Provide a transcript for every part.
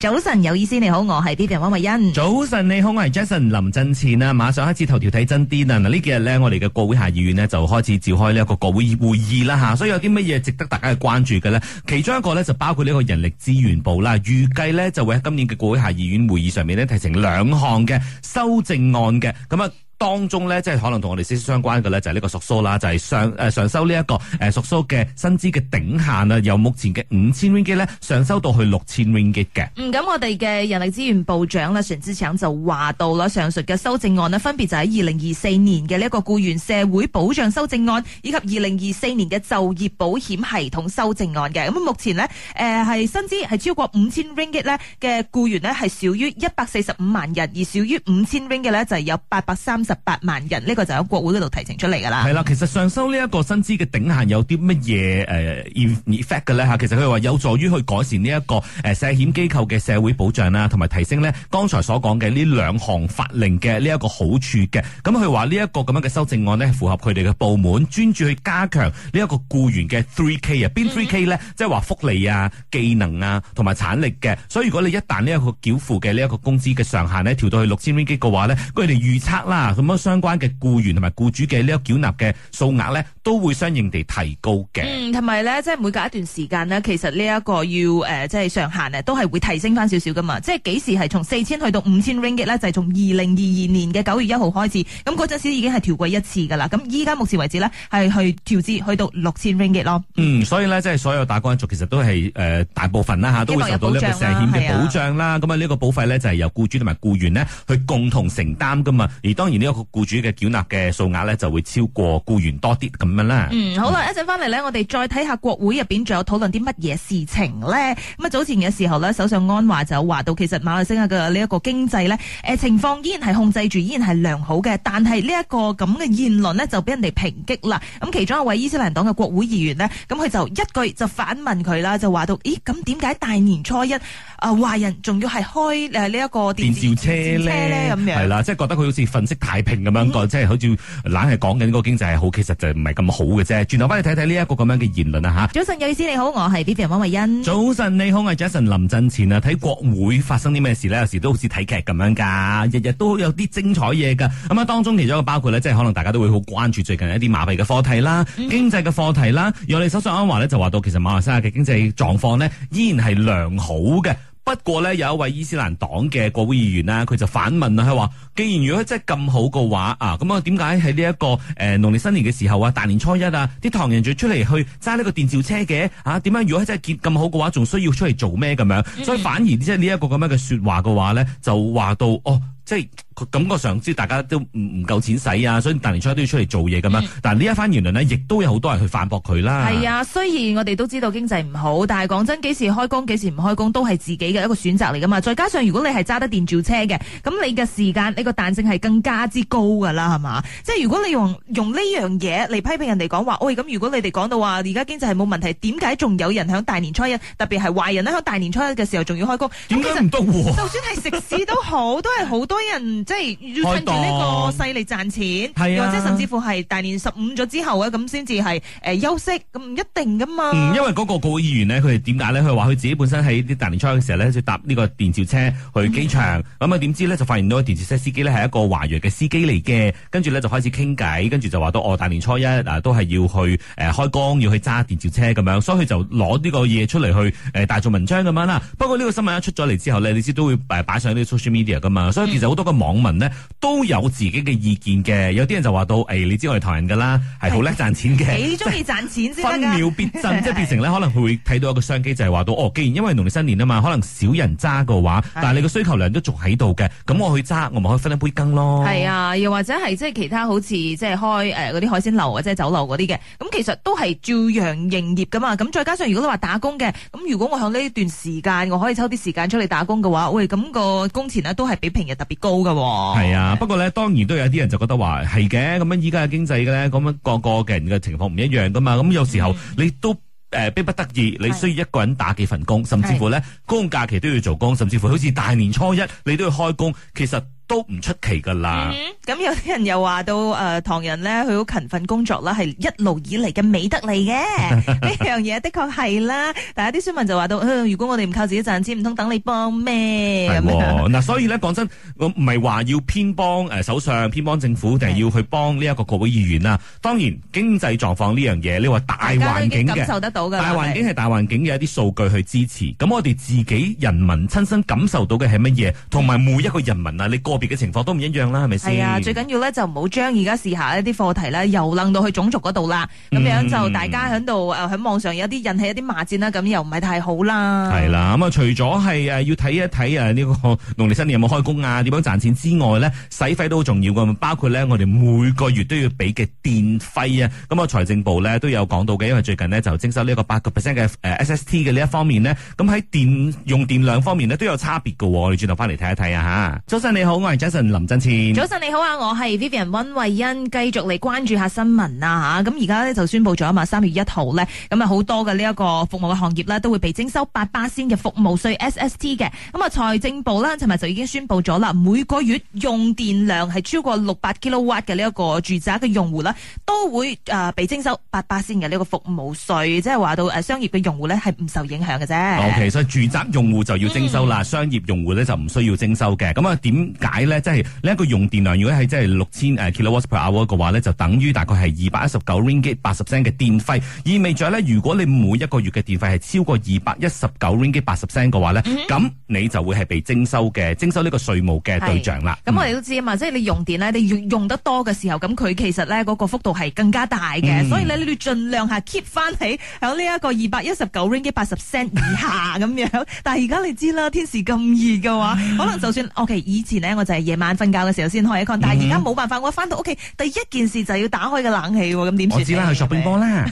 早晨有意思，你好，我係 D B 汪慧欣。早晨你好，我係 Jason 林振前啦。馬上開始頭條睇真啲啦。嗱，呢幾日呢，我哋嘅國會下議院呢，就開始召開呢一個國會會議啦吓。所以有啲乜嘢值得大家去關注嘅呢？其中一個呢，就包括呢個人力資源部啦，預計呢，就會喺今年嘅國會下議院會議上面呢，提呈兩項嘅修正案嘅咁啊。當中呢，即係可能同我哋息息相關嘅呢，就係、是、呢個稅收啦，就係、是、上誒上收呢、這、一個誒稅收嘅薪資嘅頂限啦，由目前嘅五千 ringgit 上收到去六千 ringgit 嘅。嗯，咁我哋嘅人力資源部長啦，陳志祥就話到啦，上述嘅修正案呢，分別就喺二零二四年嘅呢一個雇員社會保障修正案，以及二零二四年嘅就業保險系統修正案嘅。咁目前呢，誒係薪資係超過五千 ringgit 嘅雇員呢，係少於一百四十五萬人，而少於五千 ringgit 嘅呢，就係有八百三。十八萬人呢、這個就喺國會嗰度提呈出嚟噶啦，係、嗯、啦，其實上修呢一個薪資嘅頂限有啲乜嘢誒 effect 嘅咧吓？其實佢話有助於去改善呢一個誒社險機構嘅社會保障啦，同埋提升呢剛才所講嘅呢兩項法令嘅呢一個好處嘅。咁佢話呢一個咁樣嘅修正案呢，符合佢哋嘅部門專注去加強呢一個僱員嘅 three k 啊，邊 three k 咧？即係話福利啊、技能啊同埋產力嘅，所以如果你一旦呢一個繳付嘅呢一個工資嘅上限呢，調到去六千蚊幾嘅話呢，佢哋預測啦。咁樣相關嘅僱員同埋僱主嘅呢一繳納嘅數額咧，都會相應地提高嘅。嗯，同埋咧，即係每隔一段時間呢，其實呢一個要誒、呃，即係上限咧，都係會提升翻少少噶嘛。即係幾時係從四千去到五千 ringgit 咧，就係從二零二二年嘅九月一號開始。咁嗰陣時已經係調貴一次噶啦。咁依家目前為止呢，係去調至去到六千 ringgit 咯。嗯，所以呢，即係所有打工一族其實都係誒、呃，大部分啦吓、啊、都會受到呢個社險嘅保障啦。咁啊，呢、啊、個保費呢，就係由僱主同埋僱員呢去共同承擔噶嘛。而當然呢一個僱主嘅繳納嘅數額呢，就會超過僱員多啲咁。嗯，好啦，一陣翻嚟咧，我哋再睇下國會入邊仲有討論啲乜嘢事情咧。咁啊，早前嘅時候咧，首相安華就話到，其實馬來西亞嘅呢一個經濟咧，誒，情況依然係控制住，依然係良好嘅。但係呢一個咁嘅言論呢，就俾人哋抨擊啦。咁其中一位伊斯蘭黨嘅國會議員呢，咁佢就一句就反問佢啦，就話到，咦，咁點解大年初一？啊！華人仲要係開誒呢一個電召車咧，咁樣係啦，即係覺得佢好似粉飾太平咁樣，嗯、即係好似懶係講緊個經濟係好、嗯，其實就唔係咁好嘅啫。轉頭翻嚟睇睇呢一個咁樣嘅言論啊。嚇。早晨，有線你好，我係 B B R 王慧欣。早晨，你好，我係、啊、Jason 林振前啊！睇國會發生啲咩事呢？有時都好似睇劇咁樣㗎，日日都有啲精彩嘢㗎。咁、嗯、啊、嗯，當中其中一個包括呢，即係可能大家都會好關注最近一啲馬幣嘅課題啦、嗯、經濟嘅課題啦。我哋首相安華呢，就話到，其實馬來西亞嘅經濟狀況呢，依然係良好嘅。不過咧，有一位伊斯蘭黨嘅國會議員啦，佢就反問啦，佢話：既然如果真係咁好嘅話啊，咁啊，點解喺呢一個誒農曆新年嘅時候啊，大年初一啊，啲唐人就出嚟去揸呢個電召車嘅啊？點解如果真係結咁好嘅話，仲需要出嚟做咩咁樣？所以反而即係呢一個咁樣嘅說話嘅話咧，就話到哦，即係。感覺上大家都唔唔夠錢使啊，所以大年初一都要出嚟做嘢咁樣。但呢一番言論呢，亦都有好多人去反駁佢啦。係啊，雖然我哋都知道經濟唔好，但係講真，幾時開工幾時唔開工都係自己嘅一個選擇嚟㗎嘛。再加上如果你係揸得電召車嘅，咁你嘅時間呢個彈性係更加之高㗎啦，係嘛？即係如果你用用呢樣嘢嚟批評人哋講話，喂、哎、咁如果你哋講到話而家經濟係冇問題，點解仲有人響大年初一，特別係華人咧響大年初一嘅時候仲要開工？點解唔得？就算係食肆都好，都係好多人。即係要趁住呢個勢嚟賺錢，又、啊、或者甚至乎係大年十五咗之後咧，咁先至係誒休息，咁唔一定噶嘛、嗯。因為嗰個國會議員呢，佢哋點解咧？佢話佢自己本身喺啲大年初一嘅時候咧，就搭、是、呢個電召車去機場，咁啊點知咧就發現到電召車司機咧係一個華裔嘅司機嚟嘅，跟住咧就開始傾偈，跟住就話到哦，大年初一嗱、啊、都係要去誒開工，要去揸電召車咁樣，所以佢就攞呢個嘢出嚟去誒、呃、大做文章咁樣啦。不過呢個新聞一出咗嚟之後咧，你知都會誒擺上啲 social media 噶嘛，所以其實好多個網、嗯。民咧都有自己嘅意見嘅，有啲人就話到，誒、哎，你知我哋台灣人噶啦，係好叻賺錢嘅，幾中意賺錢先。分秒必爭，即係變成咧，可能佢會睇到一個商機，就係話到，哦，既然因為農曆新年啊嘛，可能少人揸嘅話，但係你個需求量都仲喺度嘅，咁我去揸，我咪可以分一杯羹咯。係啊，又或者係即係其他好似即係開誒嗰啲海鮮樓或者酒樓嗰啲嘅，咁其實都係照樣營業噶嘛。咁再加上如果你話打工嘅，咁如果我喺呢段時間我可以抽啲時間出嚟打工嘅話，喂，咁、那個工錢呢都係比平日特別高噶。係、oh, okay. 啊，不過咧，當然都有啲人就覺得話係嘅，咁樣依家嘅經濟嘅咧，咁樣個個嘅人嘅情況唔一樣噶嘛，咁有時候你都誒逼、mm -hmm. 呃、不得已，你需要一個人打幾份工，mm -hmm. 甚至乎咧公假期都要做工，甚至乎好似大年初一你都要開工，其實。都唔出奇噶啦，咁有啲人又話到誒，唐人咧佢好勤奮工作啦，係一路以嚟嘅美德嚟嘅，呢樣嘢的確係啦。但係啲市民就話到，如果我哋唔靠自己賺錢，唔通等你幫咩咁樣？嗱，所以咧講真，我唔係話要偏幫誒首相，偏幫政府，定係要去幫呢一個國會議員啦。當然經濟狀況呢樣嘢，你話大環境嘅，感受得到噶，大環境係大環境嘅一啲數據去支持。咁我哋自己人民親身感受到嘅係乜嘢？同埋每一個人民啊，你個。別嘅情況都唔一樣啦，係咪先？係啊，最緊要咧就唔好將而家試下一啲課題咧，又楞到去種族嗰度啦。咁、嗯、樣就大家喺度誒，喺網上有啲引起一啲罵戰啦，咁又唔係太好啦。係啦，咁啊，除咗係誒要睇一睇誒呢個農曆新年有冇開工啊，點樣賺錢之外咧，使費都好重要嘅，包括咧我哋每個月都要俾嘅電費啊。咁啊，財政部咧都有講到嘅，因為最近呢，就徵收呢個八個 percent 嘅 SST 嘅呢一方面咧，咁喺電用電量方面呢，都有差別嘅。我哋轉頭翻嚟睇一睇啊吓。早晨你好。係 Jason 林振千，早晨你好啊，我係 Vivian 温慧欣，繼續嚟關注一下新聞啦吓。咁而家咧就宣布咗啊嘛，三月一號咧，咁啊好多嘅呢一個服務嘅行業咧都會被徵收八巴仙嘅服務稅 SST 嘅。咁啊，財政部啦，尋日就已經宣布咗啦，每個月用電量係超過六百 kilo 瓦嘅呢一個住宅嘅用戶咧，都會誒、啊、被徵收八巴仙嘅呢個服務稅。即係話到誒，商業嘅用戶咧係唔受影響嘅啫。O、okay, K，所以住宅用戶就要徵收啦、嗯，商業用戶咧就唔需要徵收嘅。咁啊，點解？即係你一個用電量，如果係即係六千誒 kWh 嘅話呢，就等於大概係二百一十九 ringgit 八十 c 嘅電費。意味著，呢。如果你每一個月嘅電費係超過二百一十九 ringgit 八十 c 嘅話呢咁、嗯、你就會係被徵收嘅徵收呢個稅務嘅對象啦。咁我哋都知啊嘛，嗯、即係你用電呢，你用用得多嘅時候，咁佢其實呢嗰、嗰個幅度係更加大嘅、嗯。所以呢，你要盡量下 keep 翻喺喺呢一個二百一十九 ringgit 八十 c 以下咁樣。 但係而家你知啦，天時咁熱嘅話， 可能就算我哋、okay, 以前呢。我就係夜晚瞓覺嘅時候先開一 c 但係而家冇辦法，我翻到屋企第一件事就要打開個冷氣，咁點先？我知啦，去索冰波啦，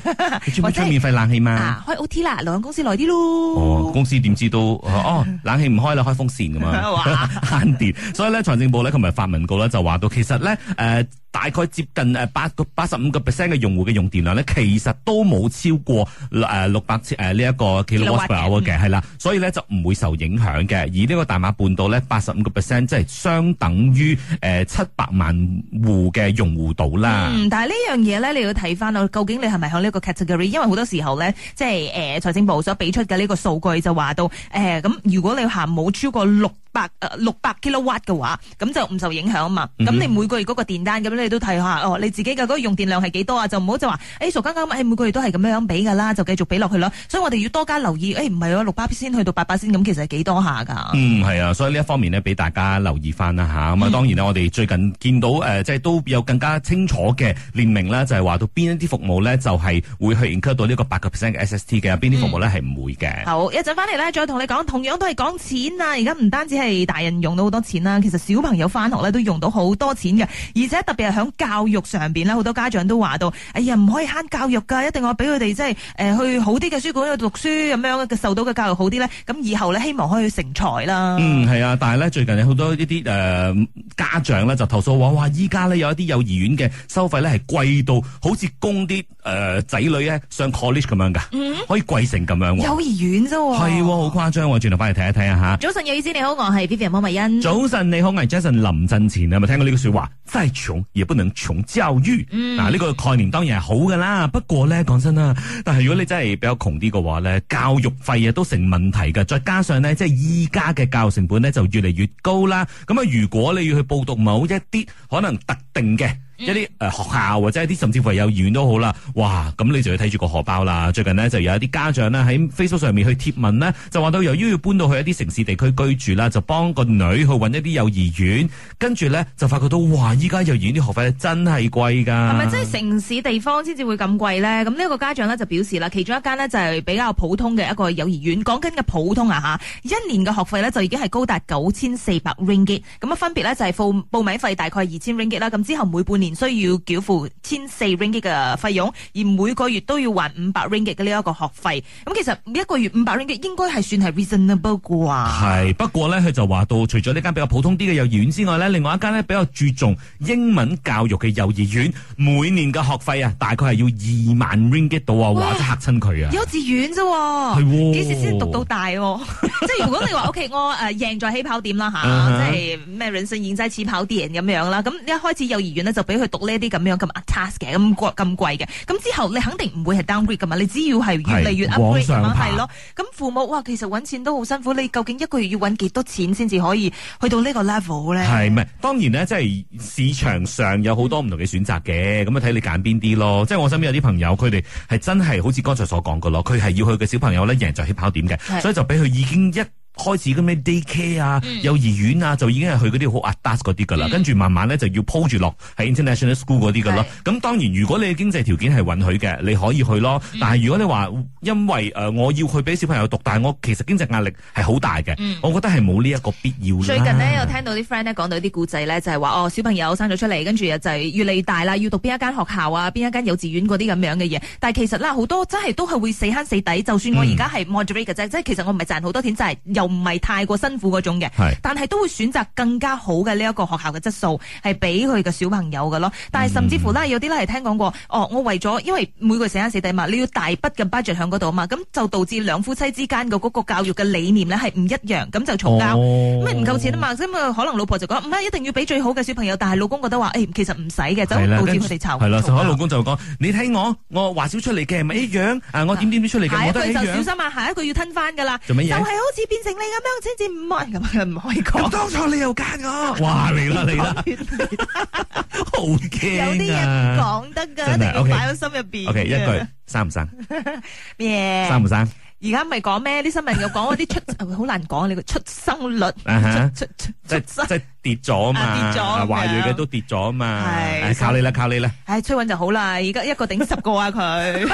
全部開免費冷氣嘛。啊、開 O T 啦，留工公司來啲咯。哦，公司點知都哦，冷氣唔開啦，開風扇咁啊，慳 電哇。 所以咧，財政部咧琴日發文告咧，就話到其實咧誒。呃大概接近誒八個八十五個 percent 嘅用戶嘅用電量咧，其實都冇超過誒六百千誒呢一個 kilowatt 嘅，係啦，所以咧就唔會受影響嘅。而呢個大馬半島咧，八十五個 percent 即係相等於誒七百萬戶嘅用戶度啦。嗯，但係呢樣嘢咧，你要睇翻啊，究竟你係咪響呢一個 category？因為好多時候咧，即係誒財政部所俾出嘅呢個數據就話到誒咁，如果你行冇超過六百誒六百 kilowatt 嘅話，咁就唔受影響啊嘛。咁你每個月嗰個電單咁咧。你都睇下哦，你自己嘅嗰個用電量係幾多啊？就唔好就話誒，傻、欸，更更誒，每個月都係咁樣樣俾噶啦，就繼續俾落去咯。所以我哋要多加留意。誒、欸，唔係啊，六巴仙去到八巴仙，e 咁其實係幾多下噶？嗯，係啊。所以呢一方面呢，俾大家留意翻啦吓。咁、嗯、啊，當然咧，我哋最近見到誒、呃，即係都有更加清楚嘅列明啦，就係、是、話到邊一啲服務咧，就係、是、會去 include 到呢個八個 percent 嘅 SST 嘅，邊啲服務咧係唔會嘅。好，一陣翻嚟咧，再同你講，同樣都係講錢啊！而家唔單止係大人用到好多錢啦、啊，其實小朋友翻學咧都用到好多錢嘅，而且特別。喺教育上邊咧，好多家長都話到，哎呀，唔可以慳教育噶，一定我俾佢哋即係誒去好啲嘅書館度讀書咁樣嘅，受到嘅教育好啲咧，咁以後咧希望可以成才啦。嗯，係啊，但係咧最近有好多呢啲誒家長咧就投訴話，哇，依家咧有一啲幼兒園嘅收費咧係貴到好似供啲誒仔女咧上 college 咁樣噶、嗯，可以貴成咁樣。幼兒園啫、啊，係好誇張。轉頭翻嚟睇一睇吓。早晨，有意思，你好，我係 Vivian 方慧欣。早晨，你好，我係 Jason 林振前，咪聽過呢句說話真係亦不能重教育嗱，呢個概念，當然係好噶啦。不過咧，講真啦，但係如果你真係比較窮啲嘅話咧，教育費啊都成問題㗎。再加上咧，即係依家嘅教育成本咧就越嚟越高啦。咁啊，如果你要去報讀某一啲可能特定嘅，一啲誒、呃、學校或者一啲甚至乎係幼兒園都好啦，哇！咁你就要睇住個荷包啦。最近呢，就有一啲家長呢喺 Facebook 上面去貼文呢，就話到由於要搬到去一啲城市地區居住啦，就幫個女去搵一啲幼兒園，跟住咧就發覺到哇！依家幼兒園啲學費真係貴㗎。係咪即係城市地方先至會咁貴咧？咁呢個個家長呢，就表示啦，其中一間呢，就係比較普通嘅一個幼兒園，講緊嘅普通啊嚇，一年嘅學費呢，就已經係高達九千四百 ringgit。咁啊分別呢，就係報報名費大概二千 ringgit 啦，咁之後每半年。需要繳付千四 ringgit 嘅費用，而每個月都要還五百 ringgit 嘅呢一個學費。咁其實一個月五百 ringgit 應該係算係 reasonable 啩？係不過咧，佢就話到，除咗呢間比較普通啲嘅幼兒園之外咧，另外一間咧比較注重英文教育嘅幼兒園，每年嘅學費啊，大概係要二萬 ringgit 到啊，嚇親佢啊！幼稚園啫，幾、哦、時先讀到大、啊？ 即係如果你話 OK，我誒、呃、贏在起跑點啦吓，啊 uh-huh. 即係咩人生應際起跑啲人咁樣啦。咁一開始幼兒園咧就俾。去讀呢啲咁樣咁 task 嘅，咁貴咁貴嘅，咁之後你肯定唔會係 downgrade 噶嘛，你只要係越嚟越 upgrade，係咯？咁父母哇，其實搵錢都好辛苦，你究竟一個月要搵幾多錢先至可以去到呢個 level 咧？係咪？當然呢，即係市場上有好多唔同嘅選擇嘅，咁啊睇你揀邊啲咯。即係我身邊有啲朋友，佢哋係真係好似剛才所講嘅咯，佢係要去嘅小朋友咧贏咗起跑點嘅，所以就俾佢已經一。開始咁咩 daycare 啊、幼兒園啊，就已經係去嗰啲好 advanced 嗰啲噶啦。跟、嗯、住慢慢咧就要鋪住落，係 international school 嗰啲噶啦。咁當然如果你嘅經濟條件係允許嘅，你可以去咯。嗯、但係如果你話因為誒我要去俾小朋友讀，但係我其實經濟壓力係好大嘅、嗯，我覺得係冇呢一個必要。最近呢，有聽到啲 friend 咧講到啲故仔咧，就係、是、話哦，小朋友生咗出嚟，跟住就係越嚟越大啦，要讀邊一間學校啊，邊一間幼稚園嗰啲咁樣嘅嘢。但係其實啦，好多真係都係會死慳死抵。就算我而家係 mothers figure 啫，即、嗯、係其實我唔係賺好多錢，就係、是唔係太過辛苦嗰種嘅，但係都會選擇更加好嘅呢一個學校嘅質素，係俾佢嘅小朋友㗎咯。但係甚至乎呢，有啲咧係聽講過，哦，我為咗因為每個死慳死抵嘛，你要大筆嘅 budget 響嗰度啊嘛，咁就導致兩夫妻之間嘅嗰個教育嘅理念呢係唔一樣，咁就嘈交，咁啊唔夠錢啊嘛，咁啊可能老婆就講，唔係一定要俾最好嘅小朋友，但係老公覺得話、欸、其實唔使嘅，就導致佢哋嘈。係啦，老公就講，你睇我，我話少出嚟嘅咪一樣，我點點點出嚟嘅我都小心啊，下一個，一下一個要吞翻噶啦，就係、是、好似變成。你咁樣千字五萬咁唔可以講？當初你又奸我，話 你啦你啦， 好驚有啲嘢唔講得㗎，一定要擺喺心入邊，O K，一句，生唔生？ yeah. 生唔生？而家咪講咩？啲新聞又講嗰啲出好 難講，你個出生率，uh -huh, 出，出即係跌咗嘛？啊、跌咗，華、啊、裔嘅都跌咗嘛？係靠你啦，靠你啦！唉，吹、哎、穩就好啦，而家一個頂十個啊！佢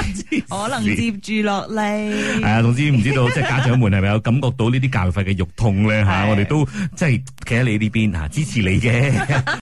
可 能接住落嚟。係 啊，總之唔知道，即係家長們係咪有感覺到呢啲教育費嘅肉痛咧？吓， 我哋都即係企喺你呢邊啊，支持你嘅。